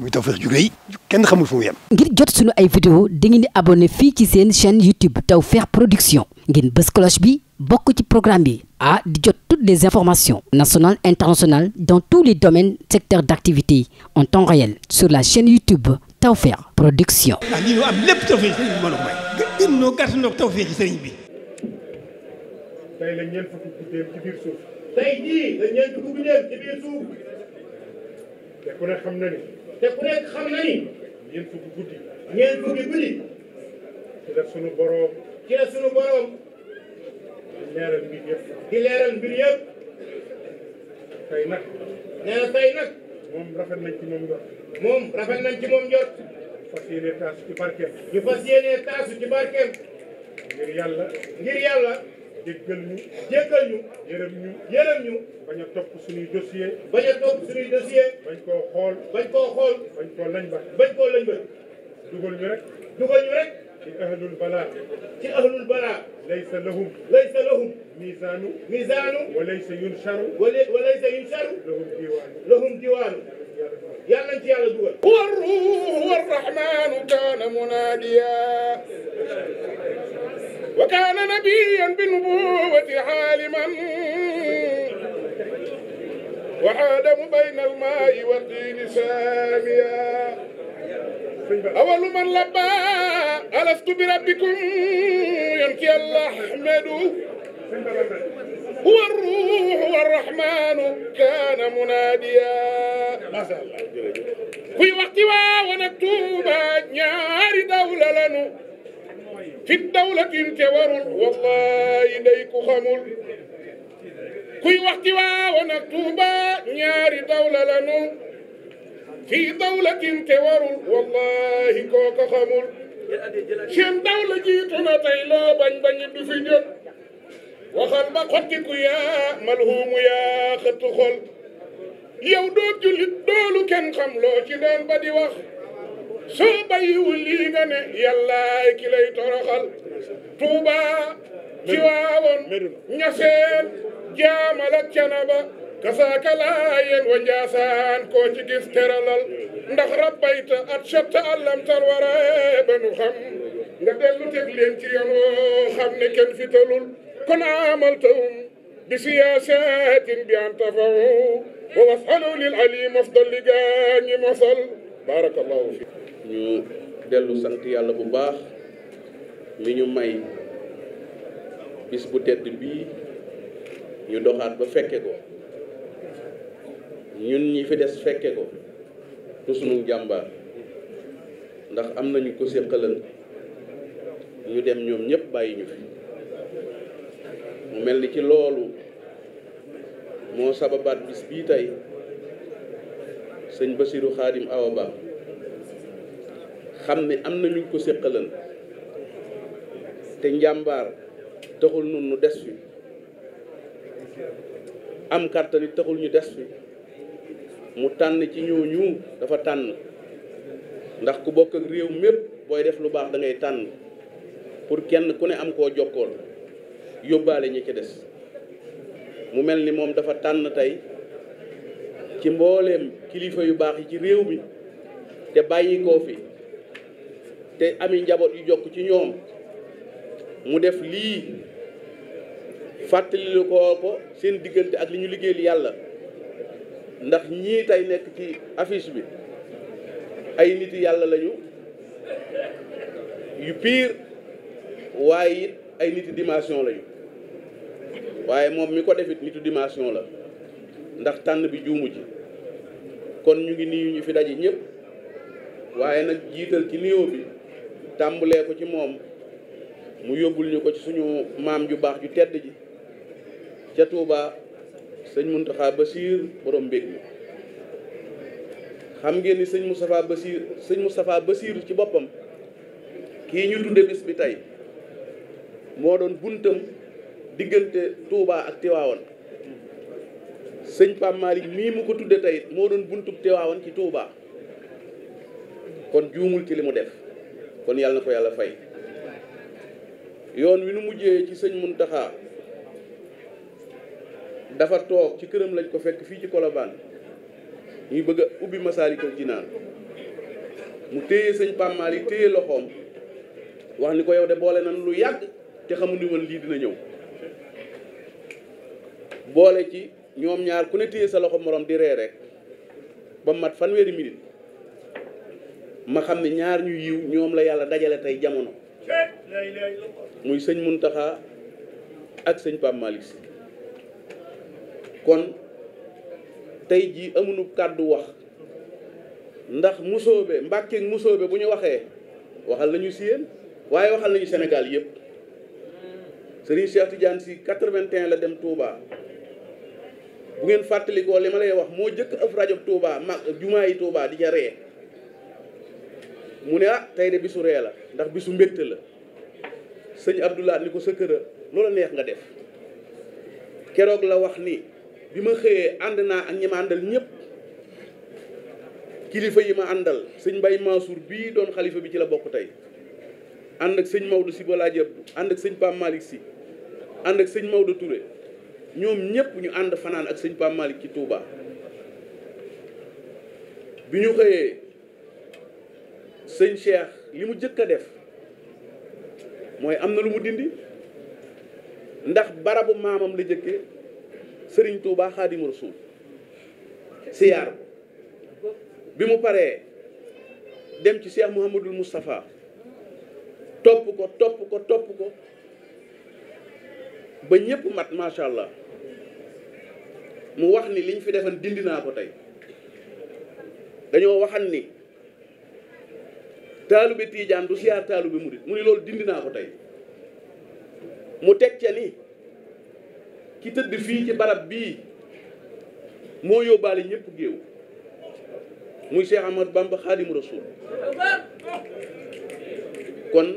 muy Tawfekh ju rëy ngir jot sunu ay vidéo dangeen di abonné fii ci seen chaîne YouTube Tawfekh Production ngeen bës bi bokk ci programme bi a di jot toutes les informations nationales internationales dans tous les domaines secteurs d'activité en temps réel sur la chaîne YouTube Tawfekh Production. Ah, a may. gën noo te ku xam na ni. ñeent fukki guddi. ñeent fukki guddi. ci la sunu boroom. ci la sunu boroom. di leeral mbir yëpp. di leeral mbir yëpp. tey nag. nee nag. moom rafet nañ ci moom njort. nañ ci moom njort. ñu fas yéene taasu ci barkeem. ñu fas yéene taasu ci barkeem. ngir yàlla. jéggal ñu jéggal ñu yërëm ñu yërëm ñu bañ a topp suñuy dossier bañ a topp suñuy dossier bañ koo xool bañ koo xool bañ koo lañ ba bañ koo lañ ba dugal ñu rek dugal ñu rek ci ahlul balaa ci ahlul balaa laysa lahum laysa lahum miisaanu miisaanu wa laysa yunsharu wa laysa yunsharu lahum diwaanu lahum diwaanu yàlla nañ ci yàlla dugal huwa ruuhu wa rahmaanu kaana munaadiya وكان نبيا بالنبوة عالما وآدم بين الماء والدين ساميا أول من لبى ألست بربكم ينكي الله أحمد هو الروح والرحمن كان مناديا ما شاء الله في وقت واو نكتوبا نياري دولة لنو fi dawlatin te warul wallahi ndey ku xamul kuy wax ci waawoon ak Tuuba ñaari dawla lanu fi dawlatin te warul wallahi kooko xamul seen dawla jiitu na tey loo bañ bañ du fi jot waxal ba xottiku yaa yaa xëttu xol yow doo jullit doolu xam loo ci doon di wax soo bàyyiwul lii nga ne yàllaay tuuba ciwaawoon ñaseen jaamal canaba kasaaka laayeen wa njaasaan koo ci gis ndax rabbayta at shatta allam tar waree ba xam nga dellu teg xam ne kenn fitalul kon amal tawum bi siyaasatin bi an tafaw wa wasalu lil ali mafdal li gaañi mosal barakallahu fi ñu dellu sant yàlla bu baax mi ñu may bis bu tedd bii ñu doxaat ba fekke ko ñun ñi fi des fekke ko du sunu jàmbaar ndax am nañu ko séqalan ñu dem ñoom ñëpp bàyyi ñu fi mu mel ni ci loolu moo sababaat bis bii tey sëñ Basiru Xaadim Awa Ba xam ne am na ñu ko séqalan te njàmbaar taxul nun nu des fi am kàttan taxul ñu des fi mu tànn ci ñooñu dafa tànn ndax ku bokk ak réew mépp booy def lu baax dangay tànn pour kenn ku ne am koo jokkoon yóbbaale ñu ci des mu mel ni moom dafa tànn tey ci mbooleem kilifa yu baax yi ci réew mi te bàyyi koo fi te ami njaboot yu jokk ci ñoom mu def lii fàttali ko ko seen diggante ak li ñu liggéeyal yàlla ndax ñii tey nekk ci affiche bi ay nit yàlla lañu yu piir waaye it ay nit dimension lañu waaye moom mi ko defit nitu dimension la ndax tànn bi juumu ji kon ñu ngi nii ñu fi daje ñëpp waaye nag jiital ci nuyoo bi tàmbulee ko ci moom mu yóbbul ñu ko ci suñu maam ju baax ju tedd ji ca Touba sëñ Mountakha Bassir borom mbég mi xam ngeen ni sëñ Moustapha Bassir sëñ safaa Bassir ci boppam kii ñu dunde bis bi tey moo doon buntam diggante Touba ak Tiwaawan sëñ Pape Malick mii mu ko tudde tey moo doon buntu Tiwaawan ci Touba kon juumul ci li mu def kon yàlla na ko yàlla fay yoon wi nu mujjee ci sëñ Muntaxa dafa toog ci këram lañ ko fekk fii ci kolobaan ñuy bëgg a ubbi Masaalikul naan mu téye sëñ Pammaal yi téye loxoom wax ni ko yow de boole nan lu yàgg te xamu ni woon lii dina ñëw boole ci ñoom ñaar ku ne téye sa loxo morom di ree rek ba mat fanweeri minute ma xam ne ñaar ñu yiw ñoom la yàlla dajale tey jamono muy sëñ mun taxa ak sëñ Pape Malick Sy kon tey jii amunu kàddu wax ndax musóobe mbàkkeeg musóobe bu ñu waxee waxal nañu si waaye waxal lañu Sénégal yëpp Serigne si Tidiane Sy 81 la dem Touba bu ngeen fàttalikoo li ma lay wax moo jëkk af rajo Touba mag jumaa yi Touba di ca ree mu ne ah tey de bisu ree la ndax bisu mbégte la sëñ Abdoulaye ni ko sa kër loola neex nga def keroog la wax ni bi ma xëyee ànd naa ak ñi àndal ñëpp kilifa yi ma àndal sëñ Mbaye Mansour bii doon xalifa bi ci la bokk tey ànd ak sëñ Maodo si balaa jëb ànd ak sëñ Pam Malick si ànd ak sëñ Maodo ture ñoom ñëpp ñu ànd fanaan ak sëñ Pam Malick ci Touba bi ñu xëyee. sëñ Cheikh li mu jëkk a def mooy am na lu mu dindi ndax barabu maamam la jëkke sëriñ Touba Xaadimu Rasuul siyaar bi mu paree dem ci Cheikh Mouhamadul Moustapha topp ko topp ko topp ko ba ñëpp mat macha allah mu wax ni liñ fi defan dindi naa ko tey dañoo waxan ni taalube tiijaan du siyaar taalube murit mu ni loolu dindi naa ko tey mu teg ca ni ki tëdd fii ci barab bii moo yóbbaale ñépp géew muy Cheikh Ahmad Bamba Xaadimu Rasuul kon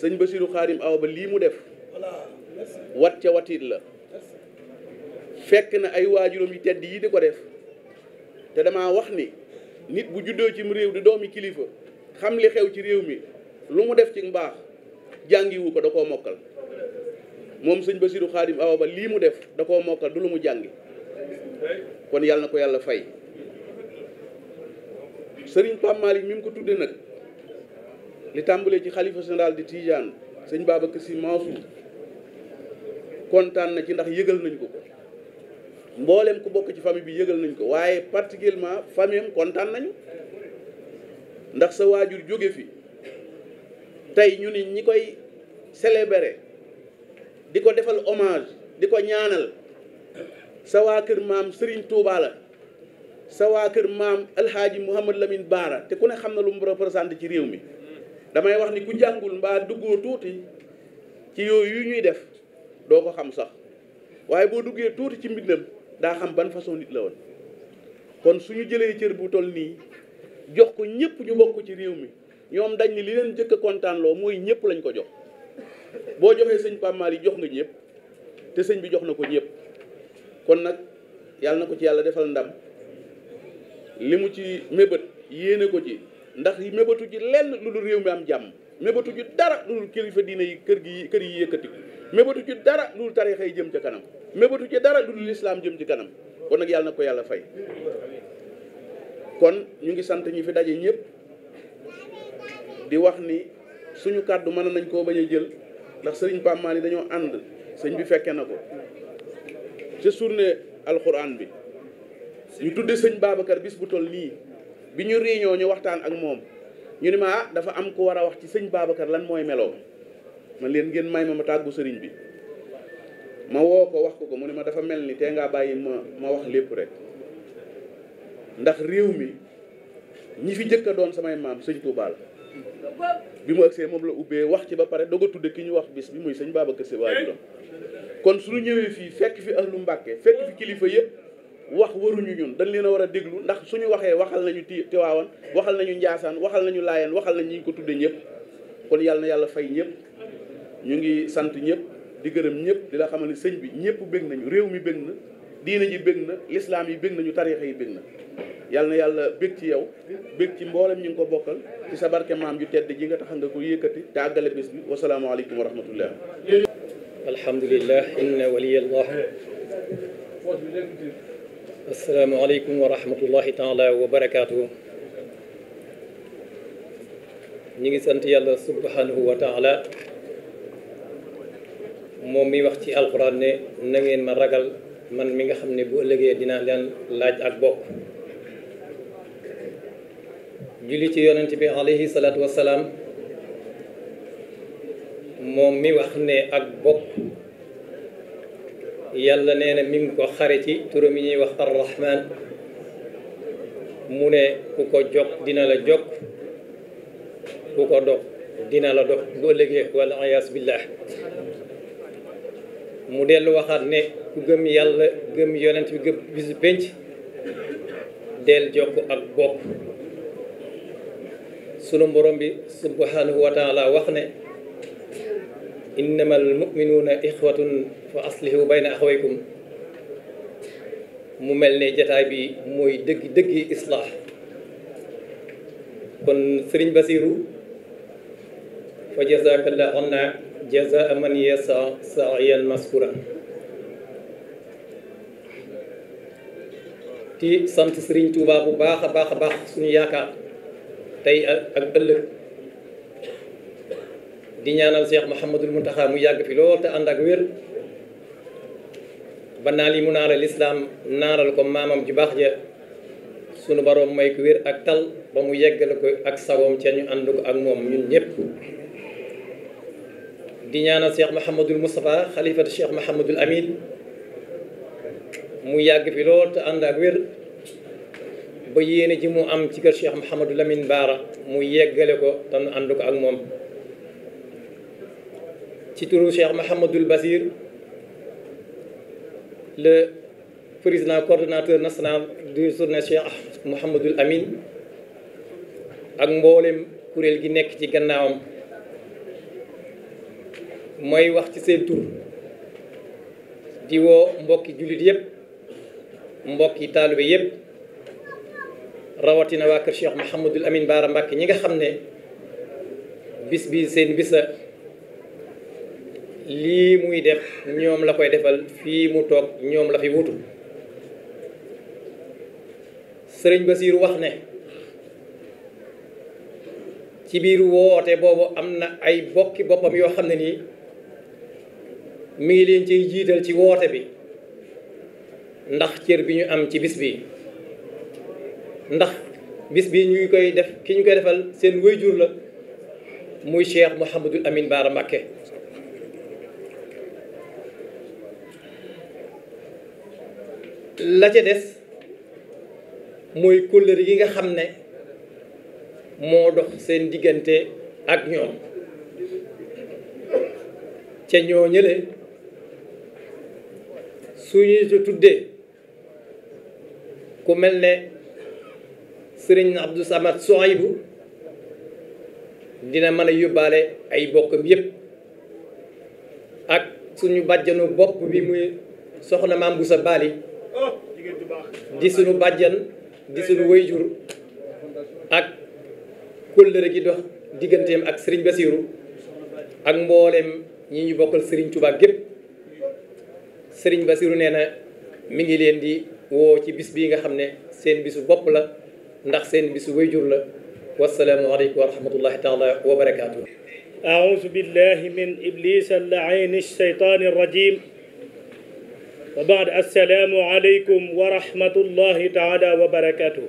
sëñ Basiru Xaadim Awa Ba lii mu def wat ca watit la fekk na ay waajuram yi tedd yi di ko def te dama wax ni nit bu juddoo cim réew di doomi kilifa xam li xew ci réew mi lu mu def ci mbaax jàngiwu ko da koo mokkal moom sëñ Basiru Xaadim Awa lii mu def da koo mokkal du lu mu jàngi kon yàlla na ko yàlla fay sëriñ Pape Malick mi mu ko tuddee nag li tàmbalee ci xalifa général di Tijaan sëñ baaba Sy Mansour kontaan na ci ndax yëgal nañ ko ko mboolem ku bokk ci famille bi yëgal nañ ko waaye particulièrement famille kontaan nañu ndax sa waajur jóge fi tey ñu ni ñi koy célébrer di ko defal hommage di ko ñaanal sa waa kër maam sëriñ Touba sa waa kër maam Alhaaji Mouhamad lamin Baara te ku ne xam na lu mu représenté ci réew mi damay wax ni ku jàngul mbaa duggoo tuuti ci yooyu yu ñuy def doo ko xam sax waaye boo duggee tuuti ci mbindam daa xam ban façon nit la woon kon suñu jëlee cër bu toll nii jox ko ñëpp ñu bokk ci réew mi ñoom dañ ni li leen jëkk a kontaanloo mooy ñëpp lañ ko jox boo joxee sëñ Pape Malick jox nga ñëpp te sëñ bi jox na ko ñëpp kon nag yàlla na ko ci yàlla defal ndam li mu ci mébét yéene ko ci ndax mébétu ci lenn lu dul réew mi am jàmm mébétu ci dara lu dul kilifa diine yi kër gi kër yi yëkkati mébétu ci dara lu dul tarixa yi jëm ca kanam mébétu ci dara lu dul lislaam jëm ci kanam kon nag yàlla na ko yàlla fay kon ñu ngi sant ñi fi daje ñépp di wax ni suñu kàddu mën nañ koo bañ a jël ndax sëriñ Pape Malick dañoo ànd sëñ bi fekke na ko ca journée alxuraan bi ñu tudde sëñ Babacar bis bu toll nii bi ñu réunion ñu waxtaan ak moom ñu ne maa ah, dafa am ku war a wax ci sëñ baabakar lan mooy meloo ma leen ngeen may ma ma tàggu sëriñ bi ma woo ko wax ko ko mu ne ma dafa mel ni tee ngaa bàyyi ma ma wax lépp rek ndax réew mi ñi fi jëkk doon samay maam sëñ Touba la bi mu agsee moom la ubbee wax ci ba pare doog a tudde ki ñu wax bis bi muy sëñ Babacar Sy waajuram kon su ñu ñëwee fii fekk fi ahlu Mbàkke fekk fi kilifa yëpp wax waruñu ñun dañ leen a war a déglu ndax su ñu waxee waxal nañu ti Tiwaawan waxal nañu Njaasaan waxal nañu Laayeen waxal nañ ñi ñu ko tudde ñëpp kon yàlla na yàlla fay ñëpp ñu ngi sant ñëpp di gërëm ñëpp di la xamal ne sëñ bi ñëpp bég nañu réew mi bég na diine ji bég na lislaam yi bég nañu tariixa yi bég na yàlla na yàlla bég ci yow bég ci mboolem ñi ngi ko bokkal ci sa barke maam ju tedd ji nga tax nga ko yëkkati te àggale bés bi wasalaamaaleykum wa rahmatullah alhamdulilah inna waliyallah asalaamaaleykum wa rahmatullahi taala wa ngi sant yàlla subhanahu wa taala moom mi wax ci alquran ne na ngeen ma ragal man mi nga xam ne bu ëllëgee dinaa leen laaj ak bopp julli ci yonent bi alayhi salaatu wassalaam moom mi wax ne ak bokk yàlla nee na mi ngi ko xare ci turam yi ñuy wax arrahman mu ne ku ko jog dina la jog ku ko dog dina la dog bu ëllëgee wala ayaas billah mu dellu waxaat ne ku gëm yàlla gëm yonent bi gëm bisu pénc del jokk ak bokk sunu borom bi subhanahu wax ne innama al muminuuna ixwatun fa aslihu bayna axawaykum mu mel ne jataay bi mooy dëgg dëggi islaax kon sëriñ basiru fa jazakallahu anna jazaa man yasa saiyan maskura ci sant Serigne Touba bu baax a baax a baax suñu yaakaar tey ak ëllëg di ñaanal Cheikh Mouhamadul Mountakha mu yàgg fi lool te ànd ak wér ba naal yi mu naaral lislaam naaral ko maamam ju baax ja sunu baroom may ko wér ak tal ba mu yeggale ko ak sagoom ca ñu ànd ko ak moom ñun ñëpp di ñaanal Cheikh Mouhamadul Moustapha xalifatu Cheikh Mouhamadul Amin mu yàgg fi lool te ànd ak wér ba yéene ji mu am ci kër Cheikh Mouhamadou Lamine Baara mu yeggale ko te nu ànd ko ak moom ci turu Cheikh Mouhamadoul Basir le président coordonnateur national du journée Cheikh Mouhamadoul Amine ak mboolem kuréel gi nekk ci gannaawam mooy wax ci seen tur di woo mbokki jullit yépp mbokk yi taalibe yëpp rawatina waa kër Cheikh Mouhamadul Amin Baara Mbàkke ñi nga xam ne bis bi seen bisa lii muy def ñoom la koy defal fii mu toog ñoom la fi wutu sëriñ ba siiru wax ne ci biir woote boobu am na ay bokki boppam yoo xam ne nii mi ngi leen ciy jiital ci woote bi ndax cër bi ñu am ci bis bi ndax bis bi ñu koy def ki ñu koy defal seen wayjur la muy Cheikh Mouhamadul Amin Baara Mbacké la ca des muy kóllëre yi nga xam ne moo dox seen diggante ak ñoom ca ñoo ñële su ñu tuddee ku mel ne sëriñ Abdou Samad Souaïbou dina mën a yóbbaale ay bokkam yépp ak suñu bàjjanu bokk bi muy soxna maam bu sa baali di suñu bàjjan di suñu wayjur ak kóllëre gi dox digganteem ak sëriñ Basiiru ak mbooleem ñi ñu bokkal sëriñ Tuubaa gépp sëriñ Basiiru nee na mi ngi leen di woo ci bis bii nga xam ne seen bisu bopp la ndax seen bisu wayjur la wasalaamu aleykum wa rahmatullahi taala wa barakaatu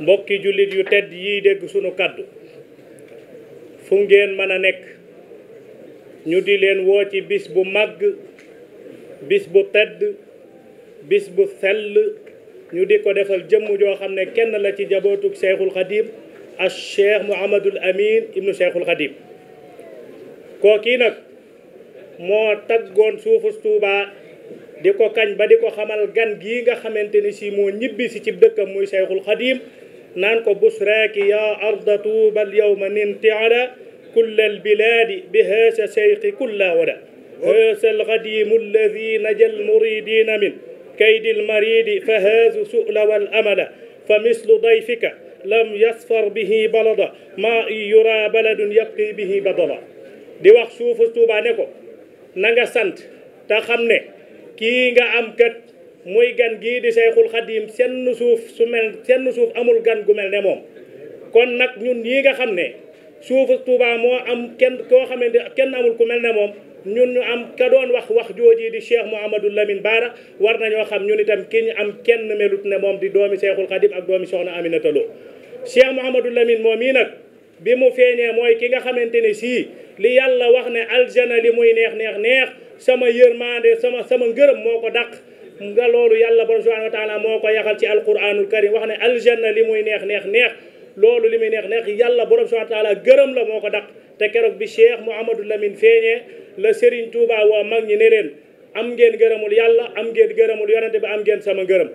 mbokki jullit yu tedd yi dégg sunu kàddu fu ngeen mën a nekk ñu di leen woo ci bis bu màgg bis bu tedd bis bu ñu di ko defal jëmm joo xam ne kenn la ci jabootug Cheikhul Khadim ak Cheikh Mouhamadul Amin ibnu Cheikhul Khadim kookii nag moo taggoon suufus Touba di ko kañ ba di ko xamal gan gii nga xamante ni si moo ñibbi si ci dëkkam muy Cheikhul Khadim naan ko busraaki yaa arda Touba al yawma ninti ala kulla al bilaadi bi haasa cheikhi kulla wada haasa al Khadim alladi najal muridina min كيد wa فهاز سؤل والأمل فمثل ضيفك لم يصفر به بلدا ما يرى بلد يبقي به بدلا di wax suufu Tuuba ne ko na nga sant te xam ne kii nga am kat muy gan gii di Seexul Xadiim senn suuf su mel senn suuf amul gan gu mel ne moom kon nag ñun yi nga xam ne suufu Tuuba moo am kenn koo xamante kenn amul ku mel ne moom ñun ñu am ka doon wax wax jooji di Cheikh Mouhamadou lamin Bara war nañoo xam ñun itam ki ñu am kenn melut ne moom di doomi Cheikhul Khadim ak doomi Soxna Aminata Lo Cheikh Mouhamadou Lamine moom mii nag bi mu feeñee mooy ki nga xamante ne sii li yàlla wax ne aljana li muy neex neex neex sama yërmande sama sama ngërëm moo ko dàq nga loolu yàlla borom subhanahu wa taala moo ko yaxal ci alquranul karim wax ne aljanna li muy neex neex neex loolu li muy neex neex yàlla borom subhanahu wa gërëm la moo ko dàq te keroog bi Cheikh Mouhamadou Lamine feeñee la Serigne Touba woo mag ñi ne leen am ngeen gërëmul yàlla am ngeen gërëmul yonente bi am ngeen sama ngërëm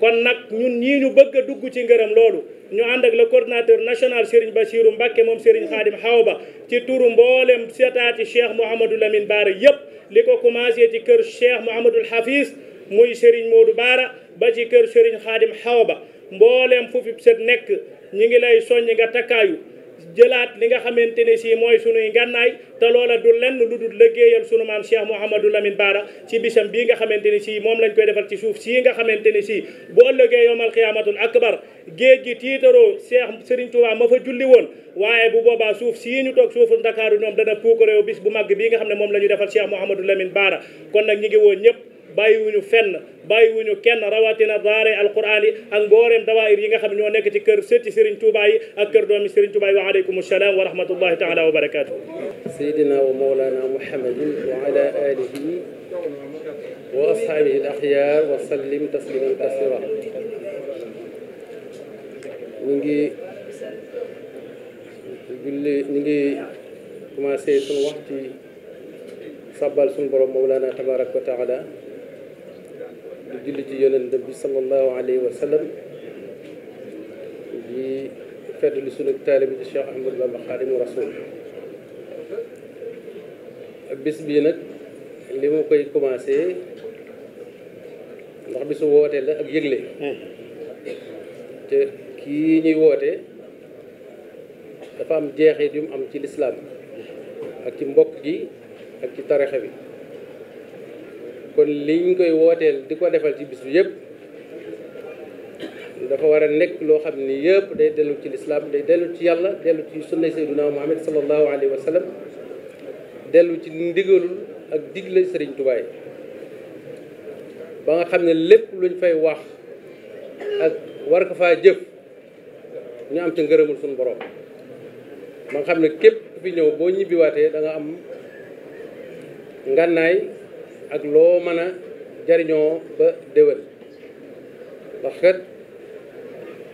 kon nag ñun ñii ñu bëgg a dugg ci ngërëm loolu ñu ànd ak le coordinateur national Serigne Bassirou Mbacké moom Serigne xaw ba ci turu mboolem seetaati Cheikh Mouhamadou Lamine Bara yëpp li ko commencé ci kër Cheikh Mouhamadoul Hafiz muy Serigne du baara ba ci kër Serigne Khadim Xawba mboolem fu fi set nekk ñi ngi lay soññ nga takkaayu jëlaat li nga xamante ne si mooy sunuy ngànnaay te loola du lenn lu dul liggéeyal sunu maam Cheikh Mouhamadou Lamine Bara ci bisam bii nga xamante ne si moom lañ koy defal ci suuf sii nga xamante ne si boo ëllëgee yowmal xiyaamatul akbar géej gi tiitaroo seex Serigne Touba ma fa julli woon waaye bu boobaa suuf si ñu toog suufu Ndakaaru ñoom dana puukaréew bis bu mag bii nga xam ne moom la ñu defal Cheikh Mouhamadou Lamine baara kon nag ñi ngi woon ñëpp bàyyiwuñu fenn bàyyiwuñu kenn rawatina daare alquran yi ak mbooreem dawaayir yi nga xam ñoo nekk ci kër sëtti Serigne Touba yi ak kër doomi Serigne Touba yi wa aleykum salaam wa rahmatullahi taala wa barakatuh sayidina wa mawlana muhammadin wa ala alihi wa ashaabihi al axyaar wa sallim tasliman kasira ñu ngi julli ñu ngi commencé suñu waxtu sabbal suñu borom mawlana tabaraka wa taala di julli ci yonent bi sallallahu alayhi wa sallam di feddali sunu taalibi ci ma Ahmadou Bamba Xaadimu Rasuul bis bii nag li ma koy commencé ndax bisu wootee la ak yëgle te kii ñuy woote dafa am jeexit yu mu am ci lislaam ak ci mbokk gi ak ci tarixa bi kon liñ koy wooteel di ko defal ci bis bi yëpp dafa war a nekk loo xam ni yëpp day dellu ci lislaam day dellu ci yàlla dellu ci sunna sayduna muhammad sallallahu alayhi wa sallam dellu ci ndigalul ak digle sëriñ tubaay ba nga xam ne lépp luñ fay wax ak war ko faa jëf ñu am ci ngërëmul suñu borom ba nga xam ne képp fi ñëw boo ñibbiwaatee da nga am ngànnaay ak loo mën a jariñoo ba déwén ndax kat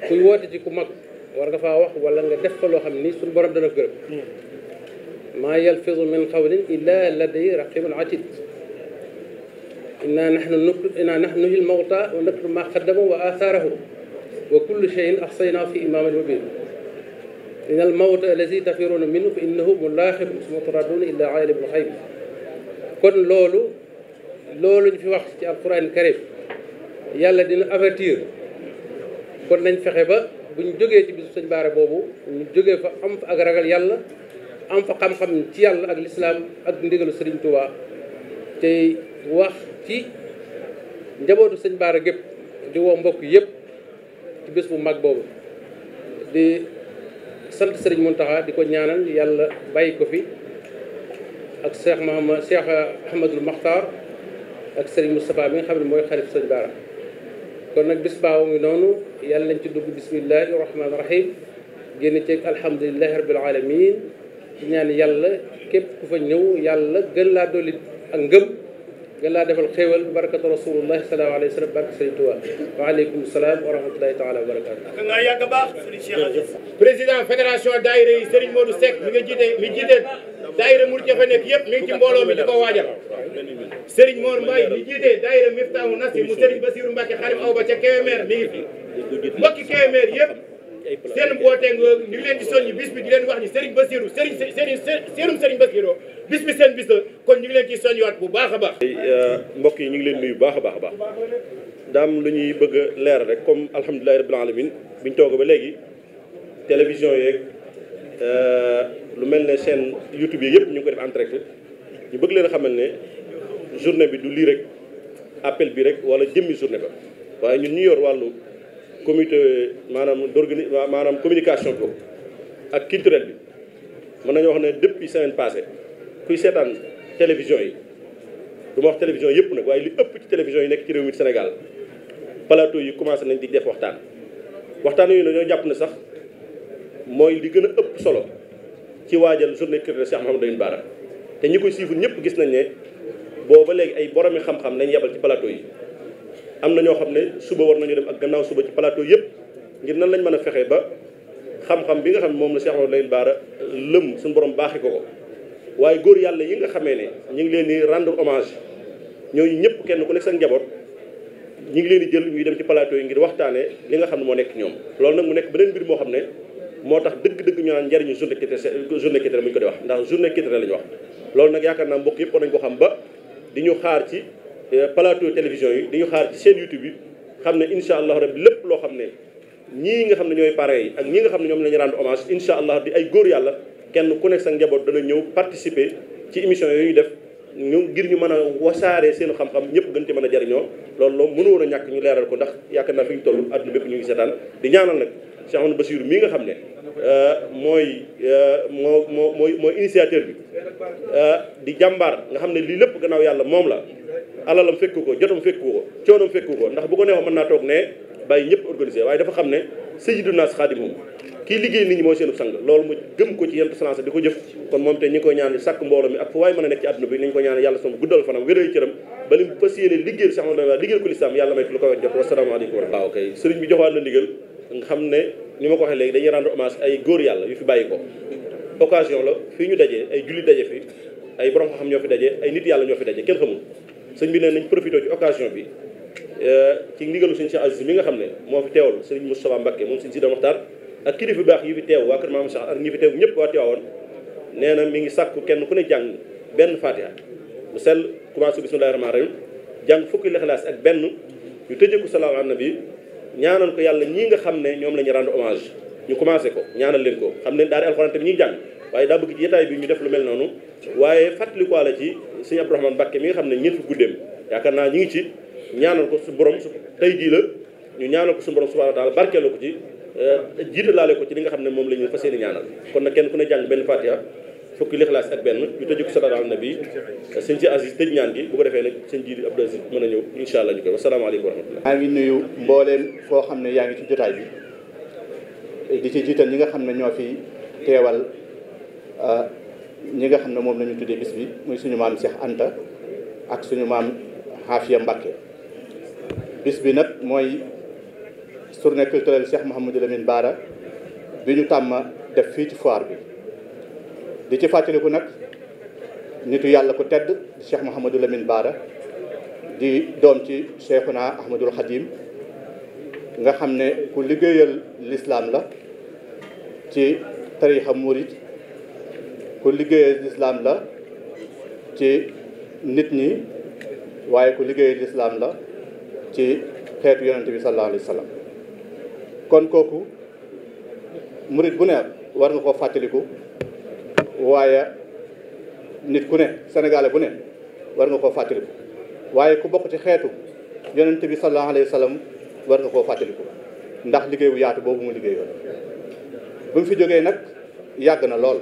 kuy woote ci ku mag war nga faa wax wala nga def fa loo xam ni suñu borom dana gërëm hmm. maa yalfizu min qawlin illa laday raqibun atid inna nahnu nu inna nahnu nuhyil mawta wa naktubu ma qaddamu wa atharahu wa kullu shay'in ahsaynahu fi imamin mubin inna al mawta allazi tafiruna minhu fa innahu mulaaqikum summa turaduna ila alim al xayb kon loolu loolu ñu fi wax ci alquran karim yàlla dina avertir kon nañ fexe ba bu ñu jógee ci bisu sëñ baara boobu ñu jógee fa am fa ak ragal yàlla am fa xam-xam ci yàlla ak lislaam ak ndigalu sëriñ Tuubaa tey wax ci njabootu sëñ baara gépp di mbokk yëpp ci bés bu mag boobu di sant sëriñ Muntaxa di ko ñaanal yàlla bàyyi ko fi ak Cheikh Mahamad Cheikh Ahmadul Maxtar ak Serigne Moustapha bi nga xam ne mooy xarit sëñ Baara kon nag bis baaw ngi noonu yàlla nañ ci dugg bismillahi rahmaani rahim génn ceeg alhamdulilahi rabil alamin ci ñaan yàlla képp ku fa ñëw yàlla gën laa dolli ak ngëm gën laa defal xéewal barakatu rasulullah sallallahu alayhi wa sallam barke Sëriñ Tuubaa wa aleykum salaam wa rahmatullahi taala wa barakaatu nga yàgg baax sëriñ Cheikh président fédération daayira yi Sëriñ Modou Seck mi nga jiite mi jiite daayira murid ya fa nekk yëpp mi ngi ci mbooloo mi di ko waajal Sëriñ Mor Mbaye mi jiite daayira Miftaahu Nasri mu Sëriñ Basiiru Mbàkke xarim aw ba ca Kébémer mi ngi fi mbokki Kébémer yëpp seen bootee nga ñu ngi leen soñ soññi bis bi di leen wax ni Serigne Bassirou Serigne Serigne Serigne Serigne Bassirou bis bi seen bis la kon ñu ngi leen ciy soññiwaat bu baax a baax. Euh, mbokk yi ñu ngi leen nuyu bu baax a baax a baax daam lu ñuy bëgg a rek comme alhamdulilah rabbil alamin ñu toog ba léegi télévision yeeg euh, lu mel ne seen YouTube yi yëpp ñu ngi ko def en direct ñu bëgg leen xamal ne journée bi du lii rek appel bi rek wala jëmmi journée ba waaye ñun ñu yor wàllu. comité maanaam d'organi maanaam communication boobu ak culturel bi mën nañu wax ne depuis semaine passée kuy seetaan télévision yi du ma wax télévision yëpp nag waaye li ëpp ci télévision yi nekk ci réew mi Sénégal plateau yi commencé nañ di def waxtaan waxtaan yooyu dañoo jàpp na sax mooy li gën a ëpp solo ci waajal journée culturelle Cheikh Mouhamadou Lamine Bara te ñi koy suivre ñëpp gis nañ ne booba léegi ay boromi xam-xam lañ yebal ci plateau yi am na ñoo xam ne suba war nañu dem ak gannaaw suba ci plateau yëpp ngir nan lañ mën a fexe ba xam-xam bi nga xam ne moom la Cheikh Mouhamadou Lamine Bara lëm suñu borom baaxee ko ko waaye góor yàlla yi nga xamee ne ñu ngi leen di rendre hommage ñooñu ñëpp kenn ku nekk sa njaboot ñu ngi leen di jël ñuy dem ci plateau yi ngir waxtaanee li nga xam ne moo nekk ñoom loolu nag mu nekk beneen mbir moo xam ne moo tax dëgg-dëgg ñu naan njariñu journée Kitr journée Kitr mu ñu ko di wax ndax journée Kitr la ñu wax loolu nag yaakaar naa mbokk yëpp war ko ba di ñu ci Euh, plateau télévision yi dañu xaar ci seen YouTube yi xam ne incha allah rabbi lépp loo xam ne ñii nga xam ne ñooy parents yi ak ñii nga xam ne ñoom la ñu rendre hommage allah di ay góor yàlla kenn ku nekk sa njaboot dana ñëw participer ci émission yooyu def ñu ngir ñu mën a wasaaree seen xam-xam ñëpp gën ci mën a jariñoo loolu loolu mënu woon a ñàkk ñu leeral ko ndax yaakaar naa fi ñu toll àdduna bépp ñu ngi seetaan di ñaanal nag Cheikh Amadou Bassirou mii nga xam ne euh, mooy euh, moo moo mooy mooy initiateur bi di jàmbaar nga xam ne lii lépp gannaaw yàlla moom la alalam fekku ko jotam fekku ko coonam fekku ko ndax bu ko neexoon mën naa toog ne bàyyi ñëpp organisé waaye dafa xam ne sayyidu naas xaadimuhum kii liggéey nit ñi mooy seenu sang loolu mu gëm ko ci yent salancé di ko jëf kon moom te ñi ngi koy ñaanal sàkk mbooloo mi ak fu waaye mën a nekk ci àdduna bi nañ ko ñaanal yàlla sama guddal fanam wéral cëram ba lim fas yéene liggéeyal si xamante ne liggéeyal ko lu ko wet jot wasalaamaaleykum wa waaw kay sëriñ ko waxee léegi dañuy rendre la fii ñu dajee ay julli daje fi ay borom xam ñoo fi ay nit yàlla ñoo fi daje sëñ bi ne nañ profité ci occasion bi euh, ci ndigalu sëñ Cheikh Aziz mi nga xam ne moo fi teewal sëñ Moustapha Mbacké moom sëñ Sidi Mokhtar ak kilifa yu baax yi fi teew waa kër Maam Cheikh ak ñi fi teew ñëpp waa woon nee na mi ngi sàkku kenn ku ne jàng benn fatiha bu sell commencé bismillahi rahmani rahim jàng fukki lixlaas ak benn ñu tëjee ko salaam bi nabi ñaanal ko yàlla ñii nga xam ne ñoom la ñu rendre hommage ñu commencé ko ñaanal leen ko xam ne daa alxuraan tamit waaye daa bëgg ci bi ñu def lu mel noonu waaye fàttali ko la ci sëñ Abdourahmane Mbacké mi nga xam ne ñeent fi guddeem yaakaar naa ñu ngi ci ñaanal ko su borom su tey jii la ñu ñaanal ko su borom subhanahu wa taala barkeelu ko ci euh, jiitalaale ko ci li nga xam ne moom la ñu fas yéene ñaanal kon na kenn ku ne jàng benn fatiha fukki lixlaas ak benn ñu tëj ko salaatu ala nabi sëñ si Aziz tëj ñaan gi bu ko defee nag sëñ Jiili Abdou Aziz mën a ñëw incha allah ñu koy wasalaamaaleykum wa ngi nuyu mbooleem foo xam ne yaa ngi ci jotaay bi di ci jiital ñi nga xam ne ñoo fi teewal Euh, ñi nga xam ne moom la tuddee bis bi muy suñu maam seex Anta ak suñu maam Xaafiya Mbàkke bis bi nag mooy journée culturelle Cheikh Mouhamadou Lamine Bara bi ñu tàmm def fii ci foire bi di ci fàttaliku nag nitu yàlla ko tedd Cheikh Mouhamadou Lamine baara di doom ci naa Ahmadul Xadim nga xam ne ku liggéeyal lislaam la ci tarixa murit ku liggéeyee lislaam la ci nit ñi waaye ku liggéeyee lislaam la ci xeetu yonent bi sallallahu alayhi wa sallam kon kooku murit bu ne war nga koo fàttaliku waaye nit ku ne senegale bu ne war nga koo fàttaliku waaye ku bokk ci xeetu yonent bi sallallahu alayhi wa sallam war nga koo fàttaliku ndax liggéey bu yaatu boobu mu liggéeyoon bu mu fi jógee nag yàgg na lool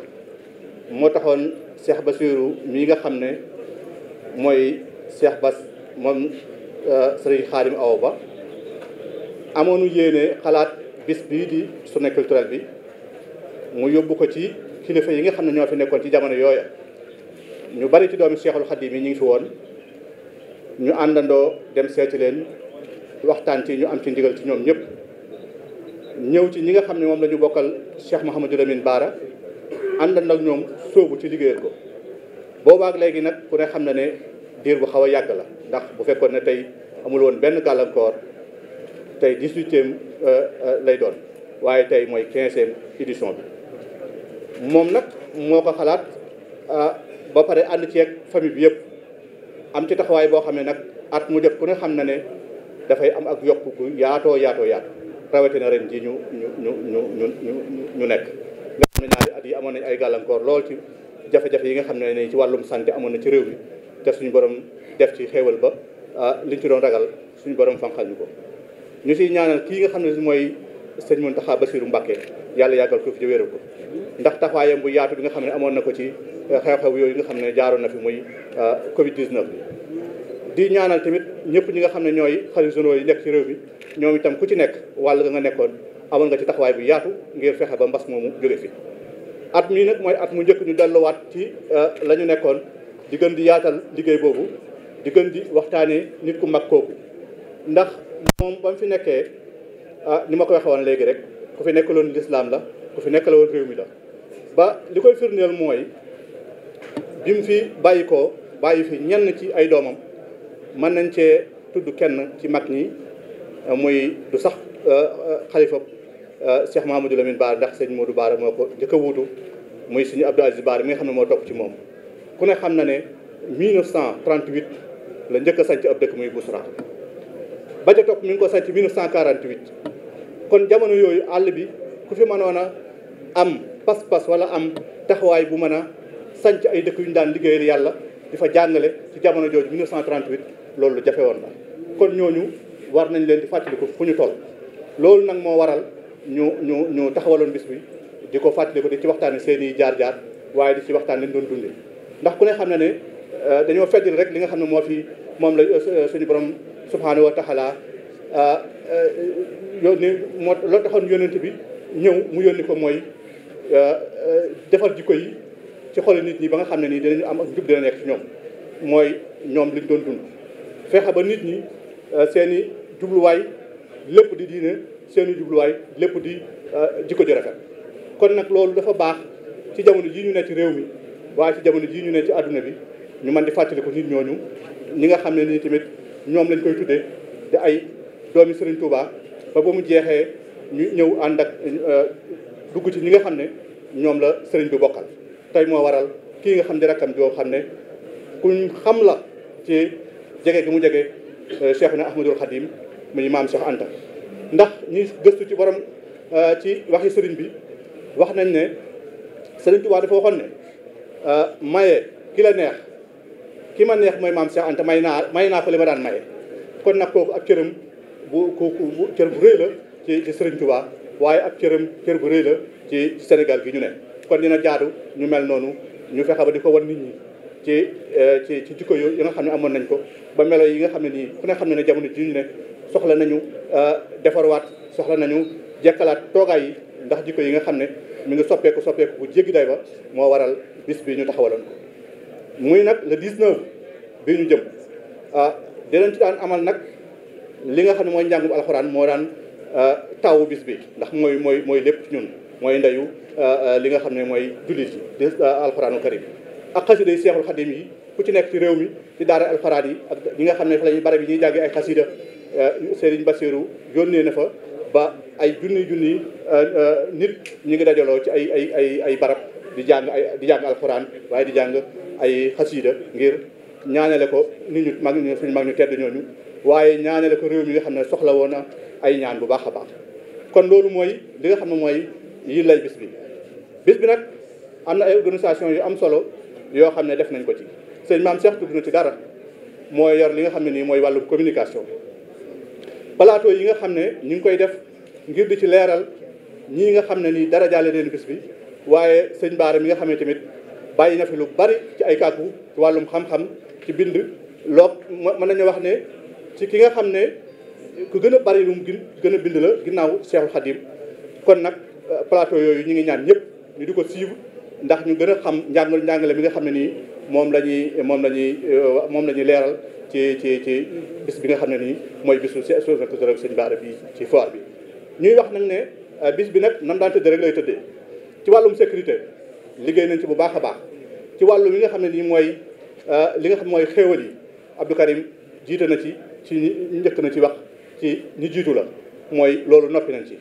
moo taxoon Cheikh Bassirou mii nga xam ne mooy Cheikh Bass moom euh, Serigne Khadim aw Ba amoonu yéene xalaat bis bii di journée culturelle bi mu yóbbu ko ci kilifa yi nga xam ne ñoo fi nekkoon ci jamono yooya ñu bari ci doomi Cheikhul Khadim yi ñu ngi fi woon ñu àndandoo dem seeti leen waxtaan ci ñu am ci ndigal ci ñoom ñëpp ñëw ci ñi nga xam ne moom lañu ñu bokkal Cheikh Mouhamadou Lamine Bara àndandoo ak ñoom sóobu ci liggéeyal ko boobaak léegi nag ku ne xam na ne diir bu xaw a yàgg la ndax bu fekkoon na tey amul woon benn gàllankoor tey dix-huitième euh, euh, lay doon waaye tey mooy quinzième édition bi moom nag moo ko xalaat euh, ba pare ànd ci ak famille bi yëpp am ci taxawaay boo xam ne nag at mu jot ku ne xam na ne dafay am ak yokk gu yaatoo yaatoo yaatoo rawatina ren ji ñu ñu ñu ñu ñu ñu nekk xam at yi amoon nañ ay gàllankoor lool ci jafe yi nga xam ne ne ci wàllum santé amoon na ci réew mi te suñu borom def ci xéewal ba ah, liñ ci doon ragal suñu borom fanqal ñu ko ñu siy ñaanal kii nga xam ne mooy sëñ Mountakha Bassirou Mbacké yàlla yàggal ko ci wéeru ko ndax taxawaayam bu yaatu bi nga xam ne amoon na ko ci eh, xew-xew yooyu nga xam ne jaaroon na fi muy ah, Covid 19 bi. di ñaanal tamit ñëpp ñi nga xam ne ñooy xalifa généraux yi nekk ci réew mi ñoom ku ci nekk wàll nga nekkoon amoon nga ci taxawaay bu yaatu ngir fexe ba mbas moomu jóge fi. at mii nag mooy at mu njëkk ñu delluwaat ci euh, la ñu nekkoon di gën di yaatal liggéey boobu di gën di waxtaanee nit ku mag kooku ndax moom ba mu fi nekkee ah, ni ma ko waxee woon léegi rek ku fi nekkaloon lislaam la ku fi nekkale woon réew mi la ba li koy firndeel mooy bi mu fi bàyyi ko bàyyi fi ñenn ci ay doomam mën nañ cee tudd kenn ci mag ñi muy du sax euh, euh, xalifa Euh, Cheikh Mahamadou Lamine Bara ndax sëñ Modou Bara moo ko njëkk a wuutu muy suñu Abdou Aziz Bara mi nga xam ne moo topp ci moom ku ne xam na ne 1938 la njëkk a sanc ab dëkk muy Bousra ba ca topp mi ngi ko sanc 1948 kon jamono yooyu àll bi ku fi mënoon a am pas-pas wala am taxawaay bu mën a sanc ay dëkk yu ñu daan liggéeyal yàlla di fa jàngale ci jamono jooju 1938 loolu jafe woon la kon ñooñu war nañ leen di fàttaliku fu ñu toll loolu nag moo waral ñu ñu ñu taxawaloon bis bi di ko fàttali ko di ci waxtaan seen i jaar-jaar waaye di ci waxtaan lañ doon dundee ndax ku ne xam ne ne euh, dañoo feddil rek li nga xam ne moo fi moom la euh, suñu borom subhaanahu wa taala euh, yónni moo loolu taxoon yónnent bi ñëw mu yónni ko mooy defal yi ci xolu nit ñi ba nga xam ne nii dinañu am ak njub dina ñoom mooy ñoom liñ doon dund fexe ba nit ñi seeni jubluwaay lépp di diine seeni jubluwaay lépp di euh, jikko ju rafet kon nag loolu dafa baax ci jamono jii ñu ne ci réew mi waaye ci jamono jii ñu ne ci àdduna bi ñu mën di fàttaliku nit ñooñu ñi nga xam ne nii tamit ñoom lañ koy tuddee di ay doomi Serigne Touba ba ba mu jeexee ñu ñëw ànd ak euh, dugg ci ñi nga xam ne ñoom la Serigne bi bokkal tey moo waral kii nga xam ne rakkam joo xam ne kuñ xam la ci jege bi mu jege euh, Cheikhuna Ahmadul Khadim muy maam Cheikh Anta ndax ñuy gëstu ci borom euh, ci waxi sëriñ bi wax nañ ne sëriñ Tuubaa dafa waxoon ne euh, maye ki la neex ki ma neex mooy maam Cheikh Anta may naa may naa ko li ma daan maye kon nag kooku ak cëram bu kooku bu cër bu rëy la ci ci sëriñ Tuubaa waaye ak cëram cër bu rëy la ci Sénégal gi ñu ne kon dina jaadu ñu mel noonu ñu fexe ba di ko wan nit ñi ci euh, ci ci jikko yooyu yi nga xam ne amoon nañ ko ba melo yi nga xam ne nii ku ne xam ne ne jamono ji ñu ne soxla nañu Euh, defarwaat soxla nañu jekkalaat toogaay yi ndax jikko yi nga xam ne mi ngi soppeeku soppeeku bu jéggi day ba moo waral bis bi ñu taxawaloon ko muy nag le 19 bi ñu jëm ah dinañ ci daan amal nag li nga xam ne mooy njàngum alxuraan moo daan euh, taw bis bi ndax mooy mooy mooy lépp ñun mooy ndeyu euh, li nga xam ne mooy jullit yi di alxuraanu karim ak xasida yi seexul xadim yi ku ci nekk ci réew mi ci daara alxuraan yi ak ñi nga xam ne fa la ñuy barab yi ñuy jàngee ay xasida Euh, Serigne Bassirou yónnee na fa ba ay junni junni euh, euh, nit ñu ngi dajaloo ci ay ay ay ay barab di jàng ay di jàng alxuraan waaye di jàng ay xasiida ngir ñaanale ko nit ñu mag ñu suñu mag ñu tedd ñooñu waaye ñaanale ko réew mi nga xam ne soxla woon na ay ñaan bu baax a baax kon loolu mooy li nga xam ne mooy yi lay bis bi bis bi nag am na ay organisation yu am solo yoo xam ne def nañ ko ci seen maam Cheikh tudd na ci dara mooy yor li nga xam ne nii mooy wàllu communication plateau yi nga xam ne ñu ngi koy def ngir di ci leeral ñii nga xam ne nii dara jaale leen bis bi waaye sëñ Baara mi nga xam ne tamit bàyyi na fi lu bari ci ay kàggu ci wàllum xam-xam ci bind loo mën nañu wax ne ci ki nga xam ne ku gën a bari lu mu gën a bind la ginnaaw Cheikhul Khadim kon nag euh, plateau yooyu ñu ngi ñaan ñëpp ñu di ko suivre ndax ñu gën a xam njàngal njàngale mi nga xam ne nii moom la ñuy moom la ñuy euh, moom la ñuy leeral ci ci ci bis bi nga xam ne nii mooy bisu si source ak rek sëñ Baara bi ci foire bi ñuy wax nañ ne euh, bis bi nag nam daan tëddee rek lay tëddee ci wàllum sécurité liggéey nañ ci bu baax a baax ci wàllum li nga xam ne nii mooy euh, li nga xam mooy xéewal yi Abdou Karim jiite na ci ci njëkk na ci wax ci ñi jiitu la mooy loolu noppi nañ ci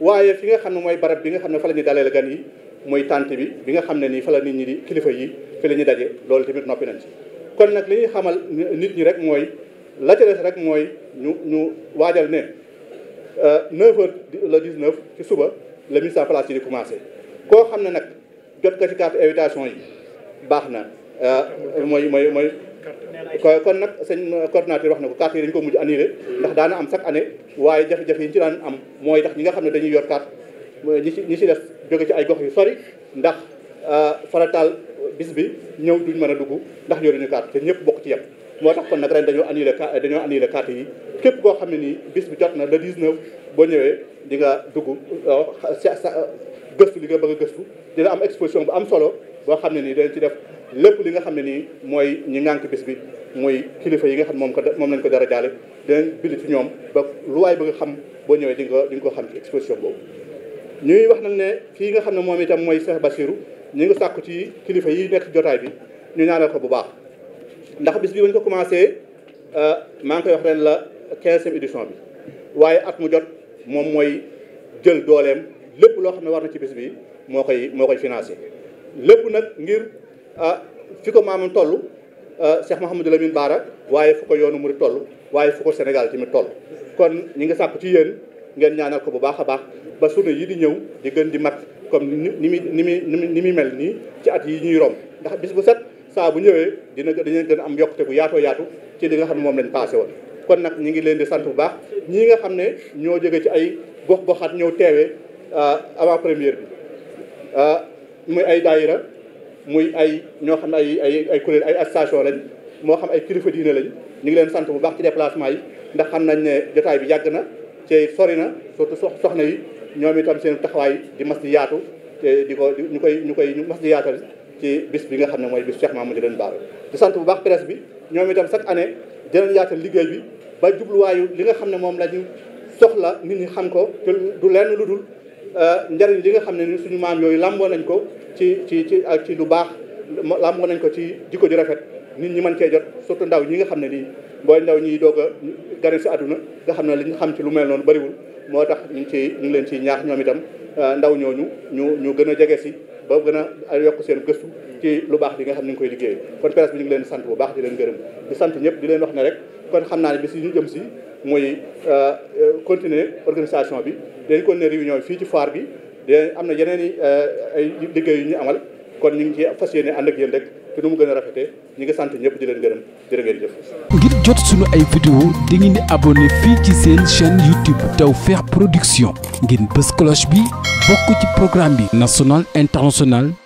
waaye fi nga xam ne mooy barab bi nga xam ne fa la ñuy dalee la gan yi mooy tànt bi bi nga xam ne nii fa nit ñi di kilifa yi fi la ñuy daje loolu tamit noppi nañ ci kon nag li ñuy xamal nit ñi rek mooy la ca des rek mooy ñu ñu waajal ne 9 euh, heures le 19 ci suba la mise en place yi di commencé koo xam ne nag jot nga ci carte invitation yi baax na euh, mooy mooy mooy kon nag sëñ euh, coordinateur wax na ko carte yi dañu ko mujj annulé ndax daana am chaque année waaye jafe-jafe yi ñu ci daan am mooy tax ñi nga xam ne dañuy yor carte ñi ci ñi ci def jóge ci ay gox yu fari ndax farataal bis bi ñëw duñ mën a dugg ndax yoruñu carte te ñëpp bokk ci yem moo tax ko nag ren dañoo annulé dañoo annulé carte yi képp koo xam ne nii bis bi jot na le 19 boo ñëwee di nga dugg euh, gëstu li nga bëgg a gëstu dina am exposition bu am solo boo xam ne nii dañ ci def lépp li nga xam ne nii mooy ñi ŋànk bis bi mooy kilifa yi nga xam moom ko moom lañ ko dara jaale dinañ bind ci ñoom ba lu waay bëgg xam boo ñëwee di nga di nga ko xam ci exposition boobu ñuy wax nañ ne kii nga xam ne moom itam mooy Cheikh Bassirou ñu ngi sàkku ci kilifa yi nekk jotaay bi ñu ñaanal ko bu baax ndax bis bi ba ñu ko commencé euh, maa ngi koy wax ren la quinze quinzième édition bi waaye at mu jot moom mooy jël dooleem lépp loo xam ne war na ci bis bi moo koy moo koy financé lépp nag ngir euh, fi ko maamam toll euh, Cheikh Mouhamadou Lamine Bara waaye fu ko yoonu murid toll waaye fu ko Sénégal tamit toll kon ñi ngi sàkku ci yéen ngeen ñaanal ko bu baax a baax ba sunu yi di ñëw di gën di mat comme ni muy ni muy ni muy mel nii ci at yi ñuy romb ndax bis bu set saa bu ñëwee dina dañu gën a am yokkute bu yaatoo yaatu ci li nga xam ne moom lañ passé woon kon nag ñi ngi leen di sant bu baax ñii nga xam ne ñoo jóge ci ay gox goxaat ñëw teewe euh, avant première bi euh, muy ay daayira muy ay ñoo xam ay ay ay kuréel ay association lañ moo xam ay kilifa diine lañ ñu ngi leen sant bu baax ci déplacement yi ndax xam nañ ne jotaay bi yàgg na ci sori na surtout soxna yi ñoom itam seen taxawaay di mas di yaatu te di ko ñu koy ñu koy mas di yaatal ci bis bi nga xam ne mooy bis Cheikh Mamadou leen baal di sant bu baax presse bi ñoom itam chaque année dinañ yaatal liggéey bi ba jubluwaayu li nga xam ne moom la ñu soxla nit ñi xam ko te du lenn lu dul euh, njariñ li nga xam ne ni suñu maam yooyu làmboo nañ ko ci ci ci ak ci lu baax làmboo nañ ko ci jikko ju rafet nit ñi mën cee jot surtout ndaw ñi nga xam ne nii booy ndaw ñiy doog a gane si àdduna nga xam ne li ñu xam ci lu mel noonu bëriwul moo tax ñu ngi ciy ñu ngi leen ci ñaax ñoom itam euh, ndaw ñooñu ñu ñu gën a jege si boo gën a yokk seen gëstu ci lu baax li nga xam ni ñu koy liggéey kon presse bi ñu ngi leen sant bu baax di leen gërëm di sant ñëpp di leen wax ne rek kon xam naa ne bis yi ñu jëm si muy euh, euh, continuer organisation bi dañ ko ne réunion fii ci foire bi dinañ am na yeneen i ay liggéey yu ñu amal kon ñu ngi ci fas yéene ànd ak yéen rek ci mu ñi ngi sant ngir jot sunu ay vidéo di ngeen di abonné fii ci seen chaîne YouTube Tawfekh Production ngeen bës cloche bi bokk ci programme bi national international.